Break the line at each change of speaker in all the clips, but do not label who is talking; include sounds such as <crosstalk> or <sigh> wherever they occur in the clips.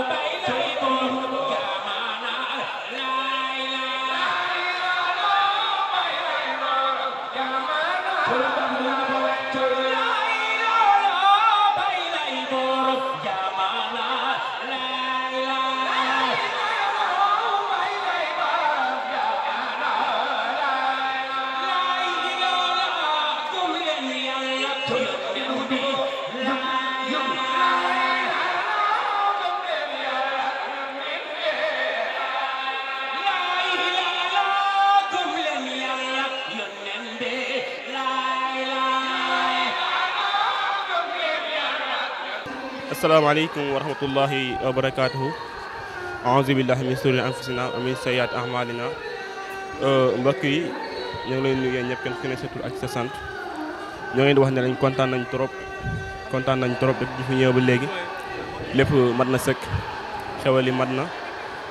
baby.
asalaamaaleykum wa rahmatullahi wa barakaatuhu aouzu billahi min sururi anfusina wa min sayyiati a'malina euh, mbokk yi ñoo ngi leen nuyu ñëpp kenn ku ne sa ak sa sant ñoo ngi di wax ne lañ kontaan nañ trop kontaan nañ trop def ji ñëw ba léegi lépp mat na sëkk xewal yi mat na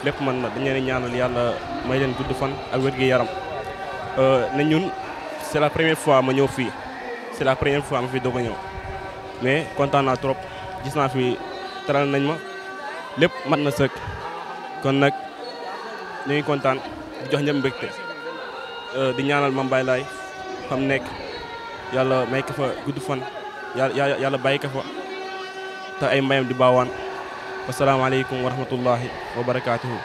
lépp mat na dañ ñaanal yàlla may leen gudd fan ak wér gi yaram euh, na ñun c'est la première fois ma ñëw fii c'est la première fois ma fi doog a ñëw mais kontaan trop gis naa fi teral nañ ma lépp mat na sëkk kon nag ñu ngi kontaan di jox ñëpp mbégte euh, di ñaanal Mame Baye Laye fam nekk yàlla may ka fa gudd fan yàlla yàlla bàyyi ka fa te ay mbayam di baawaan wasalaamaaleykum wa rahmatullahi wa barakaatuhu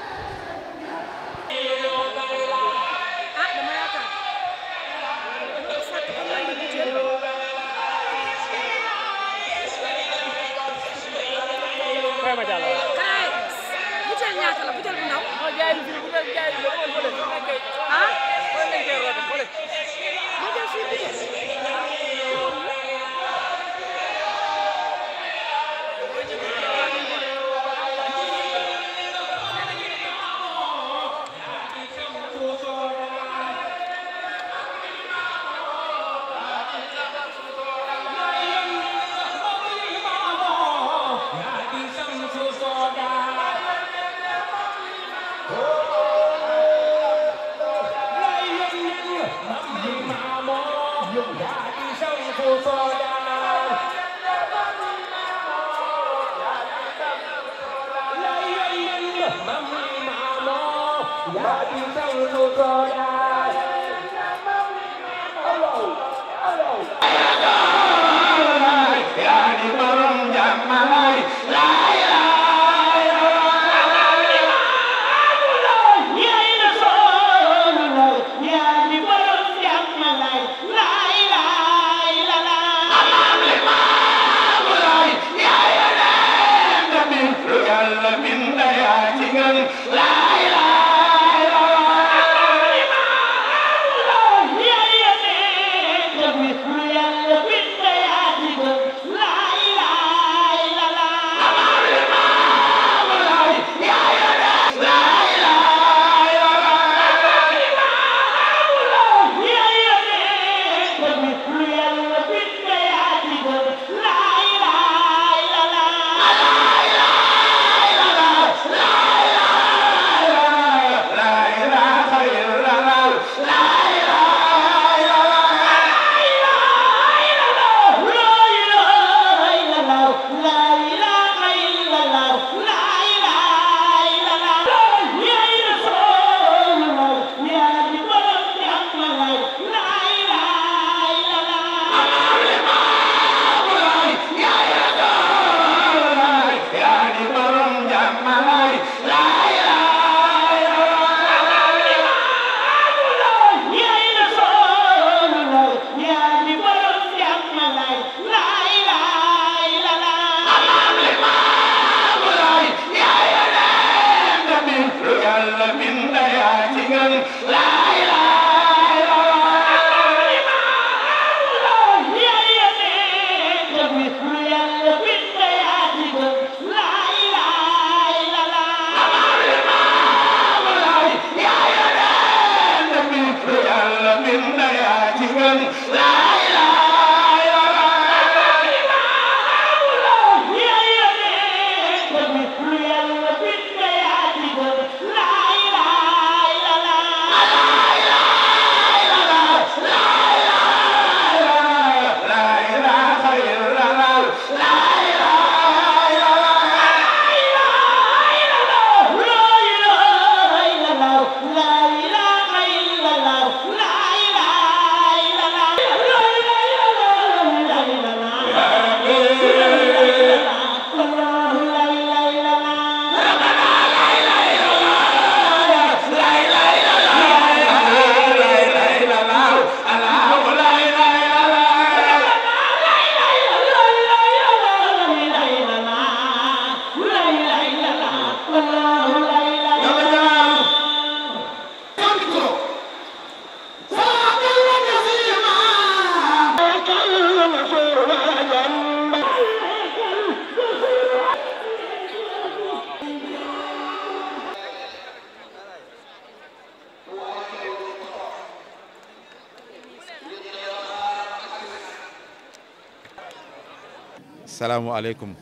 asalaamaaleykum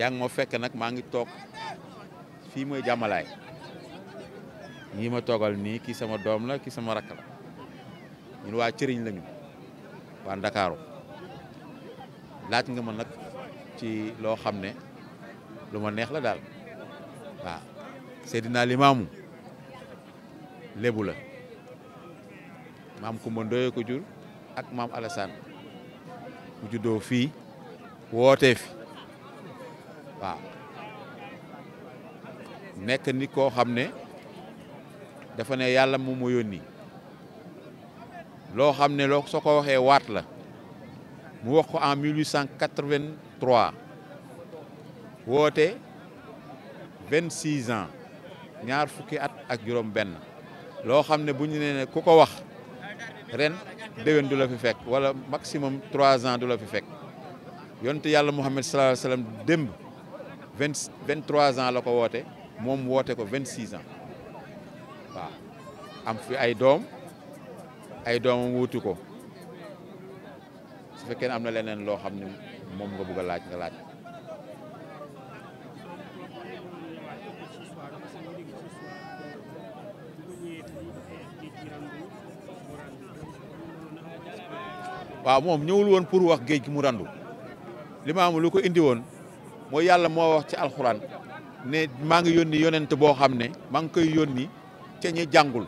yaa ngi ma fekk nag maa ngi toog fii mooy jàmmalaay ngi ma toogal nii kii sama doom la kii sama rakk la ñun waa cëriñ lañu waa Ndakaaru laaj nga ma nag ci loo xam ne lu ma neex la daal waaw Seydina Limaamu lébu la maam Kumba Ndoye ko jur ak maam Alassane mu juddoo fii wootee fi waaw nekk nit koo xam ne dafa ne yàlla moom moo yónni loo xam ne loo soo ko waxee waat la mu wax ko en 1883 woote 26 ans ñaar fukki at ak juróom-benn loo xam ne bu ñu nee ne ku ko wax ren déwén du la fi fekk wala maximum 3 ans du la fi fekk. yonent yàlla Muhammad sallallahu alayhi wasallam démb vingt vingt trois ans la ko woote moom woote ko vingt six ans waaw am fi ay doom ay doom wuutu ko su fekkee am na leneen loo xam ne moom nga bugg a laaj nga laaj. waaw moom ñëwul woon pour wax géej gi mu randu li limaamu lu ko indi woon mooy yàlla moo wax ci alxuraan ne maa ngi yónni yonent boo xam ne maa ngi koy yónni ca ñi jàngul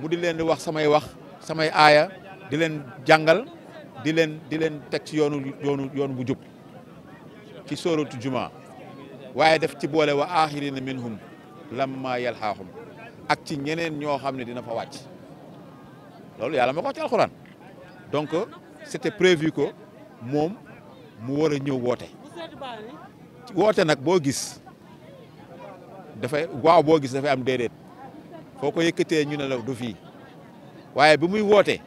mu di leen di wax samay wax samay aaya di leen jàngal di leen di leen teg ci yoonu yoonu yoon bu jub ki sóoratu jumaa waaye def ci boole wa axirina minhum lamma yalxaaxum ak ci ñeneen ñoo xam ne dina fa wàcc loolu yàlla moo ko wax ci alxuraan donc c'était prévu que moom mu war a ñëw woote woote nag boo gis dafa waaw boo gis dafa am déedéet foo ko yëkkatee ñu ne la du fii waaye bi muy woote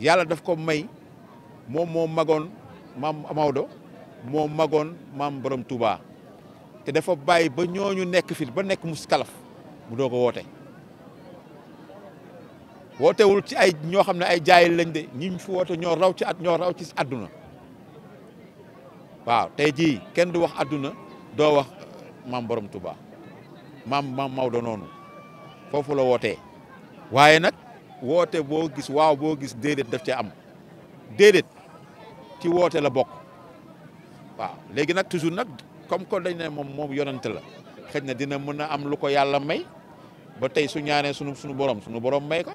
yàlla daf ko may moom moo magoon maam Maodo moo magoon maam borom tubaa te dafa bàyyi ba ñooñu nekk fit ba nekk mus kalaf mu doog a woote wootewul ci ay ñoo xam ne ay jaay lañ de ñi fi woote ñoo raw ci at ñoo raw ci àdduna waaw tey jii kenn du wax adduna doo wax euh, maam borom Touba maam maam Maodo noonu foofu la wootee waaye nag woote boo gis waaw boo gis déedéet daf cee am déedéet ci woote la bokk waaw léegi nag toujours nag comme que dañ ne moom moom yonante la xëj na dina mën a am lu ko yàlla may ba tey su ñaanee sunu suñu borom suñu borom may ko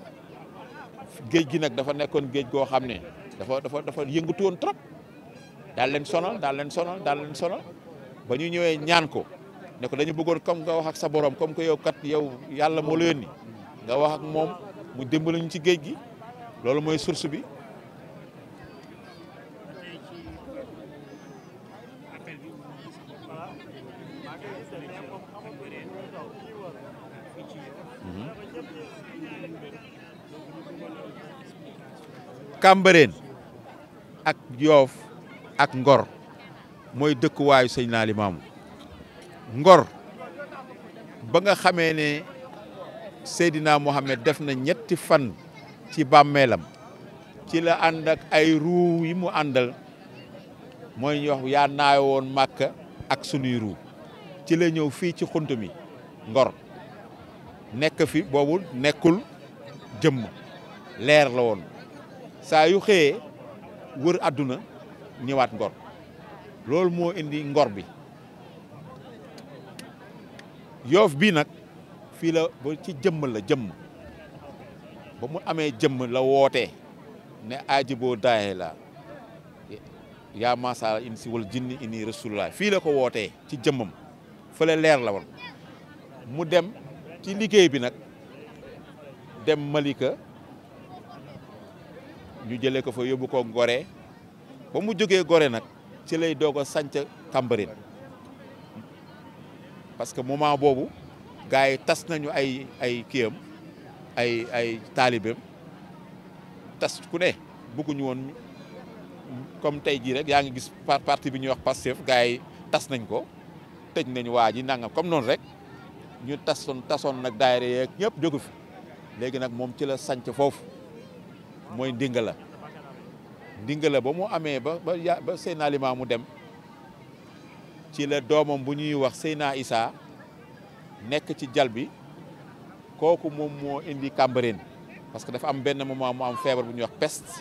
géej gi nag dafa nekkoon géej goo xam ne dafa dafa dafa yëngatu woon trop daal leen sonal daal leen sonal daal leen sonal ba ñu ñëwee ñaan ko ne ko dañu buggoon comme nga wax ak sa borom comme que yow kat yow yàlla moo la yónni nga wax ak moom mu dimbali ñu ci géej gi loolu mooy source bi. Cambérène ak yoof ak ngor mooy dëkkuwaayu sëñ naa limaamu ngor ba nga xamee ne Seydina Mohamed def na ñetti fan ci bàmmeelam ci la ànd ak ay ruu yi mu àndal mooy ñuy wax yaa naawe woon màkka ak sunuy ruu ci la ñëw fii ci xunt mi ngor nekk fi boobu nekkul jëmm leer la woon saa yu wër àdduna ñëwaat ngor loolu moo indi ngor bi yoof bii nag fii la ba ci jëmm la jëmm ba mu amee jëmm la wootee ne aajiboo daaye la yaa maasa in si wal jinni ini rasulullah fii la ko wootee ci jëmmam fële leer la woon mu dem ci liggéey bi nag dem Malika ñu jële ko fa yóbbu ko Gorée ba mu jógee Gorée nag ci lay doog a sànc Cambérène parce que moment boobu gars yi tas nañu ay ay kiyam ay ay taalibeem tas ku ne bëgguñu woon comme tey jii rek yaa ngi gis parti bi ñuy wax Pastef gars yi tas nañ ko tëj nañu waa ji nangam comme noonu rek ñu tasoon tasoon nag daayira yeeg ñëpp jógu fi léegi nag moom ci la sànc foofu mooy ndinga la ndingala ba mu amee ba ba ba Seydina Limaamu dem ci la doomam bu ñuy wax sey naa Issa nekk ci jal bi kooku moom moo indi Cambérène parce que dafa am benn moment mu am feebar bu ñuy wax peste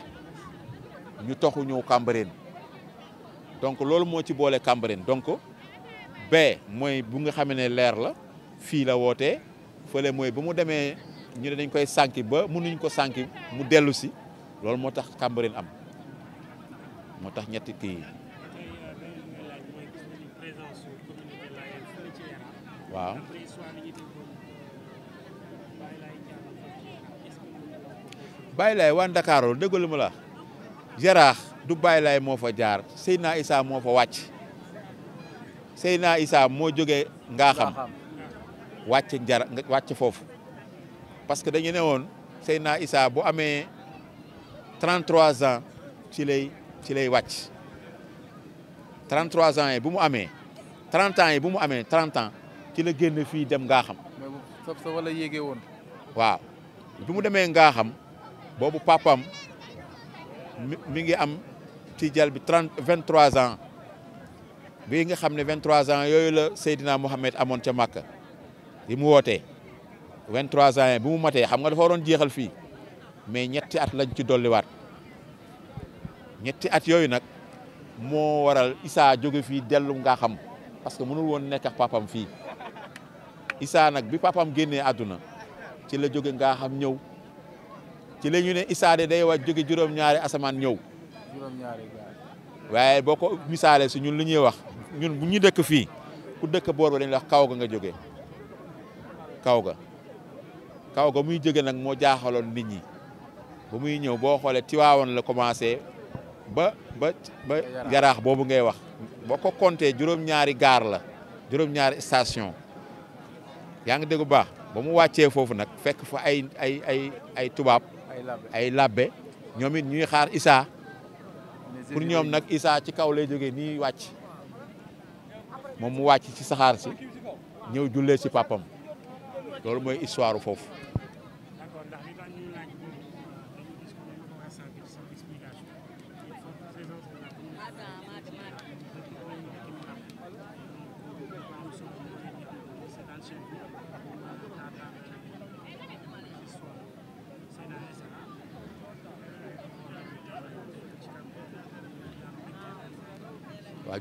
ñu toxu ñëw Cambérène donc loolu moo ci boole Cambérène donc bee mooy bu nga xamee ne leer la fii la wootee fële mooy ba mu demee ñu ne dañ koy sànki ba mënuñ ko sànki mu dellu si loolu moo tax Cambérène am moo tax ñetti kii waaw Baye Laye waa Ndakaaru déggalu ma la Yaraax du Baye Laye moo fa jaar Seyna Issa moo fa wàcc naa Issa moo jógee Ngaaxam wàcc jar wàcc foofu parce que dañu ne woon naa isaa bu amee 33 ans ci lay ci lay wàcc 33 ans yi bu mu amee 30 ans yi bu mu amee 30 ans ci la génne fii dem ngaa xam.
sa yéegee woon.
waaw bi mu demee ngaa xam boobu papam mi ngi am ci jal bi 30 23 ans bi nga xam ne 23 ans yooyu la Seydina Mohamed amoon ca Makka bi mu wootee 23 ans yi bi mu matee xam nga dafa waroon jeexal fii mais ñetti at lañ ci dolliwaat. ñetti at yooyu nag moo waral issaa jóge fii dellu nga xam parce que mënul woon nekk ak papam fii issaa nag bi papam génnee àdduna ci la jóge nga xam ñëw ci la ñu ne Issa de day wàcc jóge juróom-ñaari asamaan ñëw waaye boo ko misaalee si ñun lu ñuy wax ñun bu ñu dëkk fii ku dëkk boor ba dañuy wax kaw ga nga jógee kaw ga kaw ga muy jóge nag moo jaaxaloon nit ñi ba muy ñëw boo xoolee Tiwaawoon la commencé ba ba ba yaraax boobu ngay wax boo ko compté juróom-ñaari gaar la juróom-ñaari station yaa ngi dégg bu baax ba mu wàccee foofu nag fekk fa ay ay ay ay tubaab ay labbe ñoom it ñuy xaar Issa pour ñoom nag Issa ci kaw lay jógee nii wàcc moom mu wàcc ci saxaar si ñëw jullee si papam loolu mooy histoire foofu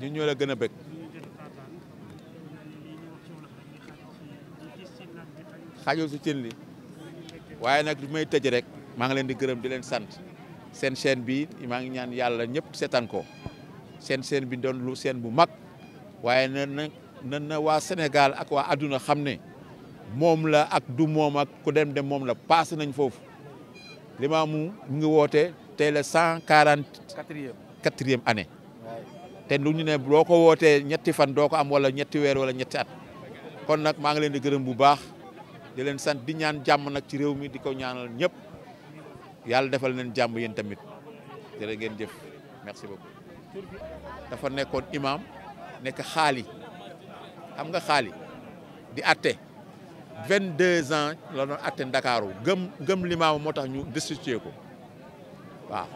ñun ñoo la gën a bëgg. xaajul su cin li waaye nag du may tëj rek maa ngi leen di gërëm di leen sant seen chaîne bi maa ngi ñaan yàlla ñëpp seetaan ko seen chaîne bi doon lu chaîne bu mag waaye na na waa Sénégal ak waa àdduna xam ne moom la ak du moom ak ku dem dem moom la paase nañ foofu Limamou mu ngi woote tey la cent quarante quatrième année te du ñu ne boo ko wootee ñetti fan doo ko am wala ñetti weer wala ñetti at kon nag maa ngi leen di gërëm bu baax di leen sant di ñaan jàmm nag ci réew mi di ko ñaanal ñëpp yàlla defal leen jàmm yéen tamit jërë ngeen jëf merci beaucoup. dafa nekkoon imam nekk xaali xam nga xaali di atte vingt deux ans la doon atte Ndakaaru gëm gëm limaamu moo tax ñu destitué ko waaw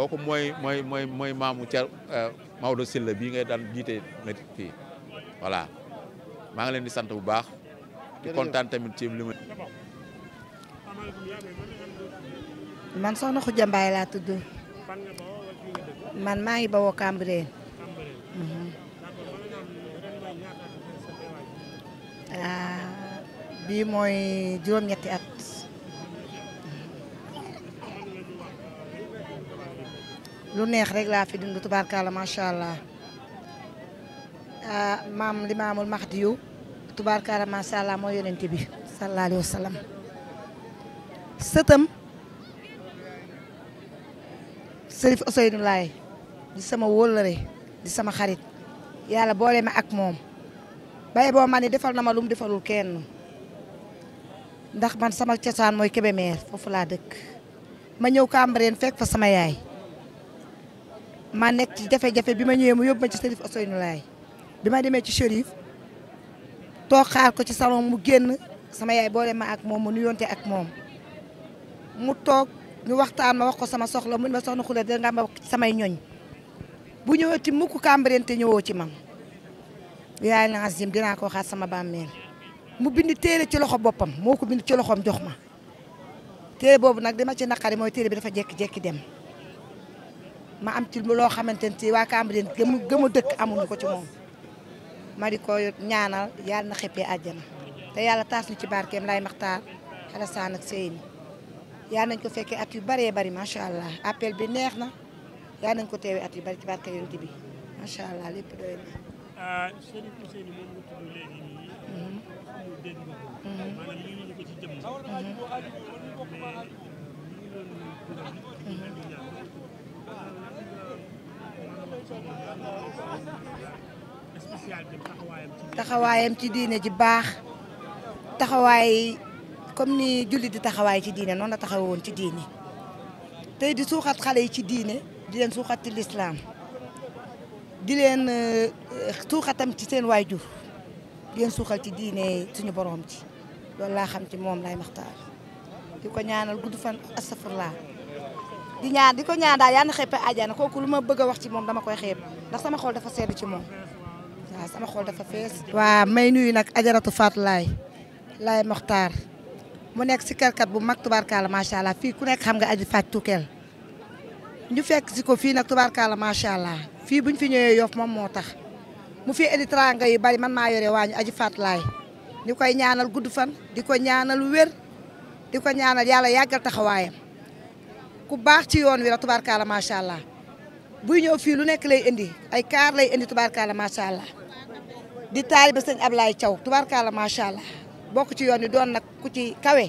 kooku mooy mooy mooy mooy maamu Thier euh, Maodo bii ngay daan jiite nag fii voilà maa ngi leen di sant bu baax. di kontaan tamit ci li ma.
man soxna Khoudia Mbaye laa tudd man maa ngi bawoo Cambérène. Mhm. Ah, bii mooy juróom-ñetti at. lu neex rek laa fi dund tubaarkalla macha allah ah, maam limaamul Mahdiyu tubaarkalla macha allah mooy yonent bi sallallahu alayhi wa sallam sëtam Sërif Ousseynou di sama wóllare di sama xarit yàlla boole ma ak moom bay boo ma ne defal na ma lu mu defalul kenn ndax man sama cosaan mooy Kébémer foofu laa dëkk ma ñëw Cambérène fekk fa sama yaay ma nekk ci jafe-jafe bi ma ñëwee mu yóbbu ma ci Chérif nu Laye bi ma demee ci Chérif toog xaar ko ci salon mu génn sama yaay boole ma ak moom mu nuyoonte ak moom mu toog ñu waxtaan ma wax ko sama soxla mu ma soxna Khoule danga ma samay ñoñ bu ñëwati mukk Cambérène te ñëwoo ci man yaay na azim dinaa ko waxaat sama bàmmeel mu bind téere ci loxo boppam moo ko bind ci loxoom jox ma téere boobu nag dama ci naqari mooy téere bi dafa jekki-jekki dem ma am ci loo xamante ne si waa Cambérène gëm gëmu dëkk amuñu ko ci moom ma di ko ñaanal yàlla na xëppee àjjana te yàlla taas ñu ci barkeem lay maxtaar Alassane ak Seyni yàlla nañ ko fekkee at yu baree bari macha allah appel bi neex na yaa nañ ko teewee at yu bari ci barke yonent bi macha allah lépp doy na. Ah, taxawaayam ci diine ji baax taxawaay comme ni jullit di taxawaay ci diine noon la taxaw woon ci diine tey di suuxat xale yi ci diine di leen suuxat ci lislaam di leen eh, suuxatam ci seen waajur di leen suuxal ci diine suñu boroom ci loolu laa xam ci moom lay maxtaar di ko ñaanal gudd fan astafurlaa di ñaan di ko ñaan daal yal na xeppe àjjana kooku lu ma bëgg a wax ci moom dama koy xeeb ndax sama xol dafa sedd ci moom waaw sama xol dafa fees. waa may nuyu nag ajaratu Fatou lay Laye mu nekk si karkat bu mag tubaarkaala macha allah fii ku nekk xam nga aji ñu fekk si ko fii nag tubaarkaala macha allah fii buñ fi ñëwee Yoff moom moo tax mu fi indi teranga yu bari man maa yore waañu aji Fatou Laye di koy ñaanal gudd fan di ko ñaanal wér di ko ñaanal yàlla yàggal taxawaayam. ku baax ci yoon wi la tubaarkaala macha allah buy ñëw fii lu nekk lay indi ay kaar lay indi tubaarkaala macha allah di taalibe sëñ Ablaye Thiaw tubaarkaala macha allah bokk ci yoon wi doon nag ku ci kawe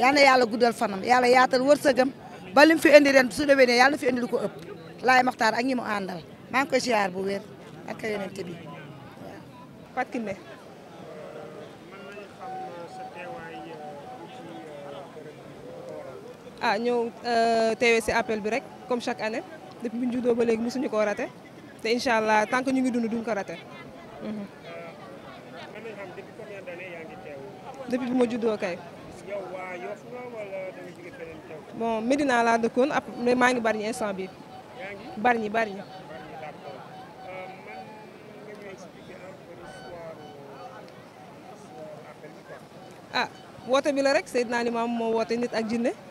yal na yàlla guddal fanam yàlla yaatal wërsëgam ba lim fi indi ren su déwénee yàlla fi indi lu ko ëpp laay maxtaar ak ñi mu àndal maa ngi koy ziar bu wér ak ka bi waaw
ah ñëw euh, teewee si appel bi rek comme chaque année depuis bu ñu ba allah tant que ñu ngi dund duñ ko rate. Mhm. depuis bu kay. bon Medina laa dëkkoon ab mais maa ngi bari instant bi bari bari ah woote bi la rek Seydina Limaamu moo nit ak jinne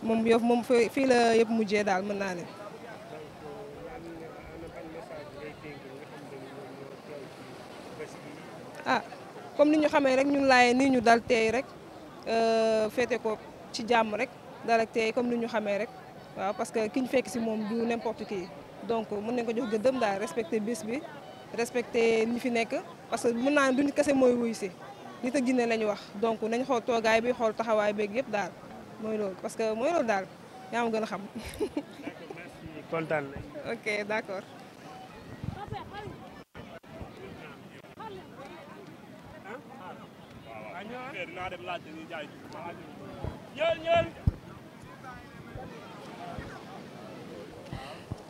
mom Yoff mom fi la yëpp mujjé dal mën na né ah comme ni ñu xamee rek ñun laay nii ñu dal tey rek euh fété ko ci jamm rek dal ak tey comme ni ñu xamee rek waaw parce que ki fekk ci mom du n'importe qui donc mën nañ ko jox gëddëm da respecté bis bi respecté ñi fi nek parce que mën naa duñu kasse moy wuy si nit a ginne la wax donc nañ xool toogaay bi xol taxaway beeg yépp daal. moy lool parce que moy lool dal ya ma gëna a xam.
merci ok d'accord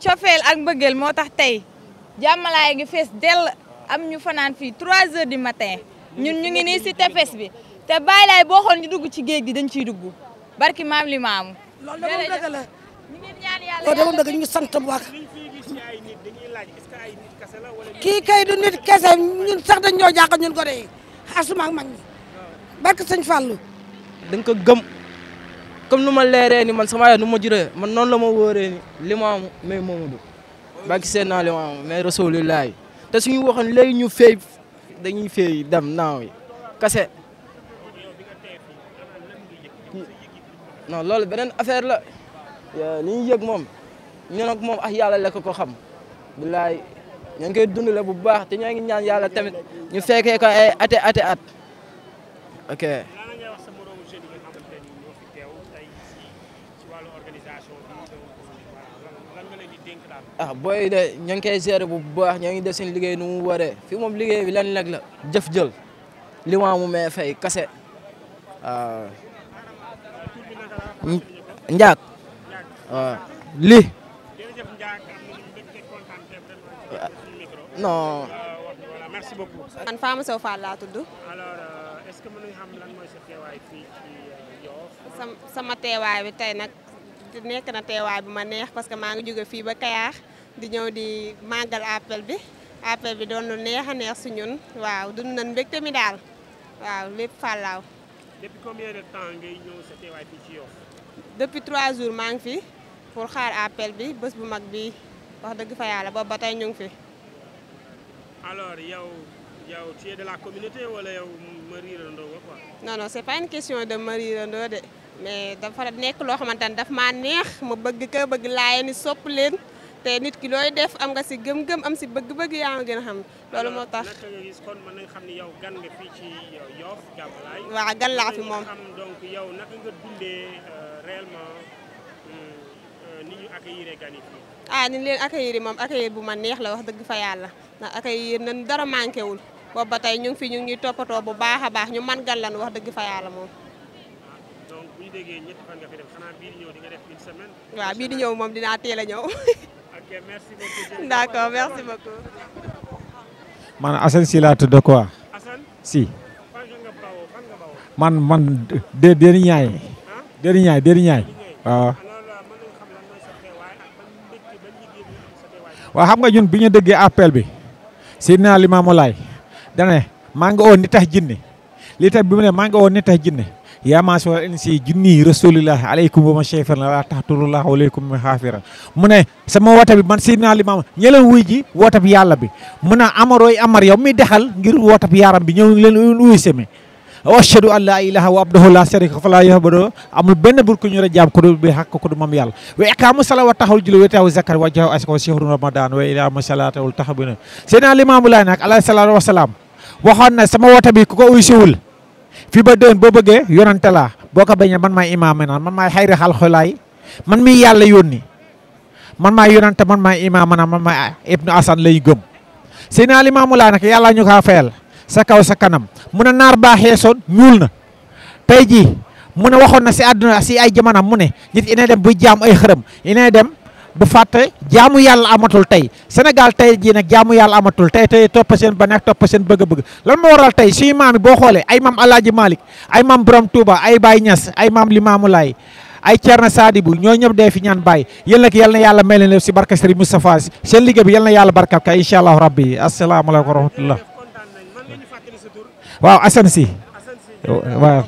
Chofel ak mbeugel motax tay jamalaay gi fess del am ñu fanaan fi 3 h du matin ñun ñu ngi ni si tefes bi te baylay bo xon ñu dugg ci géej gi dañ ciy dugg. barki maam li
maamu. loolu de moom dëgg la loolu de moom ñu ngi sant bu baax. kii kay du nit kese ñun sax dañ ñoo jaaxal ñun asuma ak barki sëñ Fallou. dang ko gëm comme nu ma
leeree ni man sama yaay nu ma juree man noonu la ma wóoree ni li maamu mais Momadou. barki seen naa li maamu mais rasulilaay te suñu waxoon léegi ñu fay dañuy fay dem naaw yi kase. non loolu beneen affaire la li ñu yëg moom ñu moom ak ah, yàlla lekk ko xam billaay ña ngi koy dundale bu baax te ñoo ngi ñaan yàlla tamit ñu fekkee ko ay ate ate at ok ah booy de ña ngi koy gérer bu baax ñoo ngi def seen liggéey nu mu waree fi moom liggéey bi lan nag la jëf jël li mu may fay kase
ah.
njaag
waaw lii
man Fama Sow Fall laa tudd. Euh,
teewaay euh,
sama teewaay bi tey nag nekk na teewaay bu ma neex parce que maa ngi jóge fii ba Kayar di ñëw di màggal appel bi appel bi doon lu neex a neex si ñun waaw dund nañ mbégte mi daal waaw lépp fàllaaw. depuis trois jours maa ngi fi pour xaar appel bi bés bu mag bi wax dëgg fa yalla boobu batay ñu ngi fi.
alors yow yow tu es de la communauté wala yow Marie
Rando quoi. non non c'est pas une question de Marie Rando de mais dafa nekk loo xamante ne daf ma neex ma bëgg ke bëgg laayee ni sopp leen te nit ki loy def am nga ci gëm-gëm am ci bëgg-bëgg ya nga gëna xam loolu mo tax.
naka nga gis kon man nga xam ni yow gan nga fi ci Yoff Jàmmalaay. wa gan la fi mom xam donc yow nak nga dundee. Euh, réellement hmm, euh, ni ñu accueillir gan
ah ni leen accueillir moom accueillir bu ma neex la wax dëgg fa yàlla ndax accueillir nañ dara manqué wul boobu ba ñu ngi fi ñu ngi toppatoo bu baax a baax ñu man gan lan wax dëgg fa yàlla moom. Ah,
donc bu ñu déggee fan nga fi def xanaa bii di ñëw di nga def une semaine. waaw bii di ñëw moom dinaa teel ñëw. <laughs> ok merci beaucoup. <laughs> d' merci beaucoup.
man si laa tudd quoi. man man de de Déri Ndiaye Déri Ndiaye waaw. waaw xam nga ñun bi ñu déggee appel bi Seydina Limaamu Laay dana ne maa nga woon ni tax li tax bi mu ne nga woon ni tax jinne yaa maa soo insi junni rasulillahi aleykum wa ma cheyfana la tax turullah aleykum ma xaafira mu ne sama woote bi man Seydina Limaamu ñe leen wuy ji woote bi yàlla bi mu ne amar yow mi dexal ngir woote bi yaaram bi ñëw leen uy semi wa ashhadu an laa ilaaha wa abdahu laa sharika fa laa yahbado amul benn bur ko ñu a jaam ko du bi xàkk ko du moom yàlla wa iqaamu sala wa taxawul julli wa taaw zakar wa jaw asko shehru ramadan laay nag alayhi salaatu wasalaam waxoon na sama woote ko uy siwul fi ba déwén boo bëggee yonante laa boo ko bañee man maay imaam naan man maay xayri xal xolaay man mi yàlla yónni man maay yonante man maay imaam naan man maay ibnu asan lay gëm seena limaamu laay nag yàlla ñu sa kaw sa kanam mu ne naar baaxee xeesoon ñuul na tey jii mu ne waxoon na si àdduna si ay jamanam mu ne nit inay dem buy jaamu ay xërëm inay dem bu fàtte jaamu yàlla amatul tey Sénégal tey jii nag jaamu yàlla amatul tey tey topp seen ba nekk topp seen bëgg-bëgg lan moo waral tey suñu maam yi boo xoolee ay maam Alaaji Malick ay maam Borom Touba ay Baye Niass ay maam Limaamu Laay ay Thierno Sadibou ñoo ñëpp dee fi ñaan Baye yéen nag yal yàlla may leen si barka Serigne Moustapha yàlla barka kay incha allahu rabbi asalaamaaleykum wa rahmatullah waaw Assane Sy waaw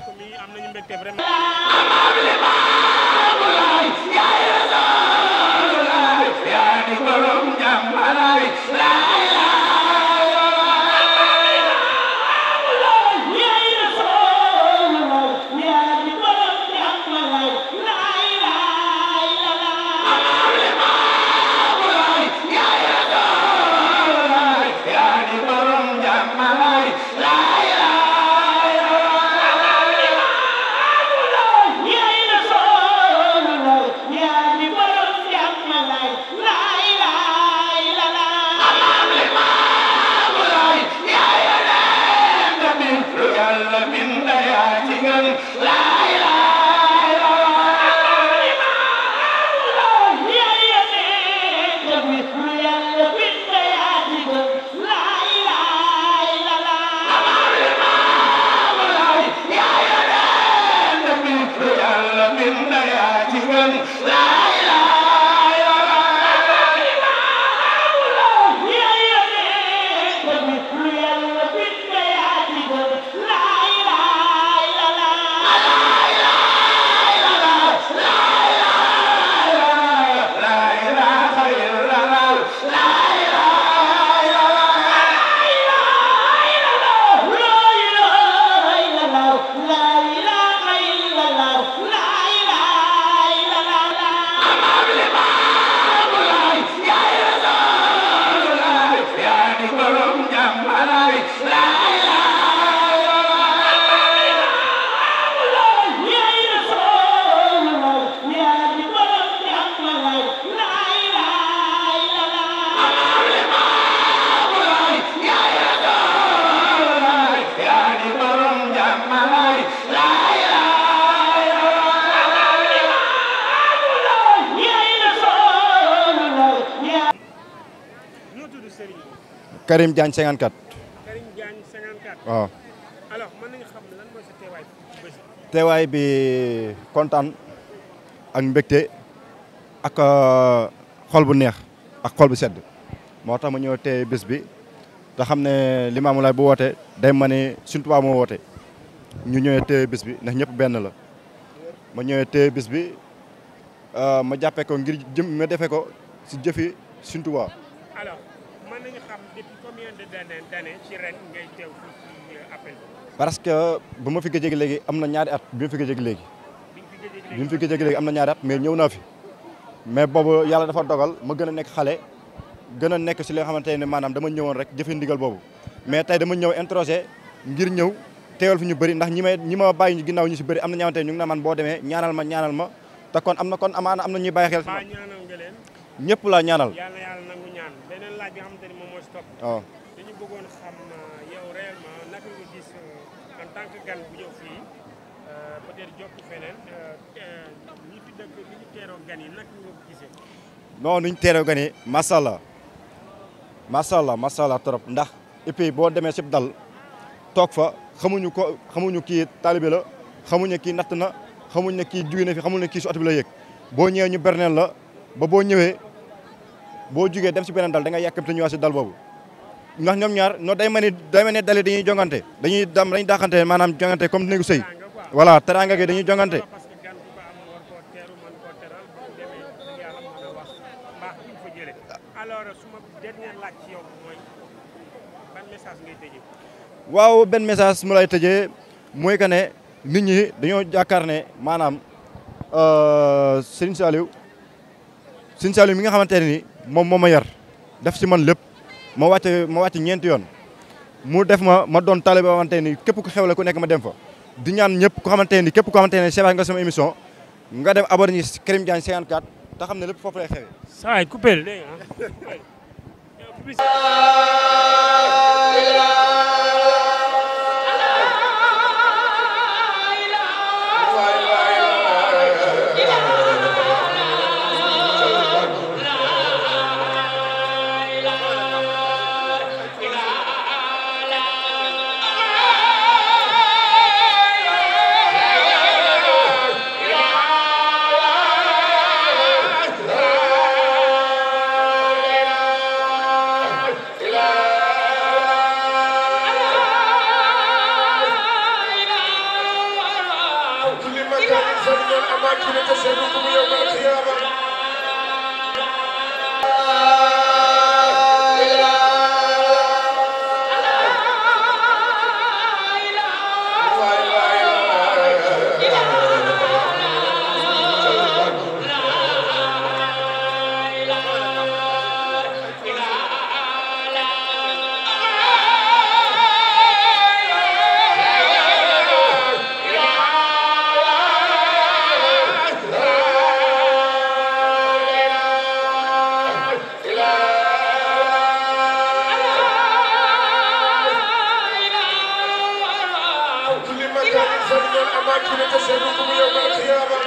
Karim Diagne waaw. teewaay bi. kontaan ak mbégte ak euh, xol bu neex ak xol bu sedd moo tax ma ñëw tey bés bi te xam ne Limaamu Laay bu woote day ma ne Sëriñ Tuubaa moo woote ñu ñëwee tey bés bi ndax ñëpp benn la ma ñëwee tey bés bi euh, ma jàppee ko ngir jëm ma defee ko si jëfi Sëriñ Euh, parce que ba ma fi gëjee léegi am na ñaari at bi ma fi gëjee léegi. bi ma fi gëjee léegi am na ñaari at mais ñëw naa fi. mais boobu yàlla dafa dogal ma gën a nekk xale gën a nekk si li xamante ne maanaam dama ñëwoon rek jëfe ndigal boobu mais tey dama ñëw introsé ngir ñëw teewal fi ñu bëri ndax ñi may ñi ma bàyyi ñu ginnaaw ñu si bëri am na ñamante ñu ngi man boo demee ñaanal ma ñaanal ma te kon am na kon amaana am na ñuy bàyyi xel ñëpp laa ñaanal
yàlla
bëggoon xam euh, yow ñu euh, euh, teeroo gan yi naka
ko gisee. non ni ñu teeroo trop ndax et puis boo demee sib dal toog fa xamuñu ko xamuñu kii taalibe la xamuñu kii natt na xamuñu ne kii jugee na fi xamuñu ne kii si oto la yëg boo ñëwee ñu berneel la ba boo ñëwee boo jugee dem si beneen dal da nga yàkkamte ñëwaat si dal boobu. ndax ñoom ñaar no day mel ni day dañuy jongante dañuy dam dañuy dàqante maanaam jongante comme néegu sëy voilà teraanga gi dañuy jongante waaw benn message mu lay tëjee mooy que ne nit ñi dañoo jàkkaar ne maanaam euh, Serigne Saliou Serigne Saliou mi nga xamante ne ni moom moo ma yar def ci man lépp ma wàcc ma wàcc ñeenti yoon mu def ma ma doon taalibe boo xamante ni képp ku xewle ku nekk ma dem fa di ñaan ñëpp ku xamante ni képp ku xamante nga sama émission nga dem abonné ñu Karim Diagne 54 te xam ne lépp foofu lay xewee.
saa <laughs> ولكن تسألكم يوم القيامة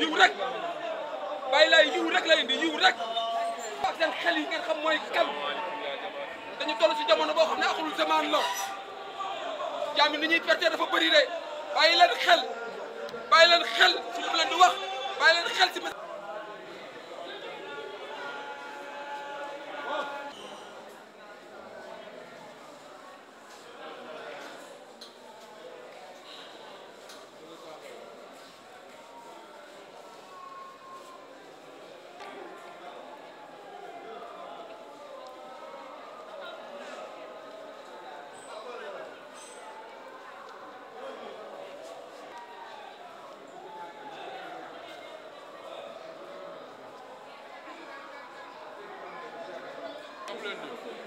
yiw rek bàyyi laay yiw rek la indi yiw rek ak seen xel yi ngeen xam mooy kan dañu toll si jamono boo xam ne axul zaman la jaam yi ni ñuy perte dafa bëri de bàyyi leen xel bàyyi leen xel si lu leen wax bàyyi leen xel si
önlüyor.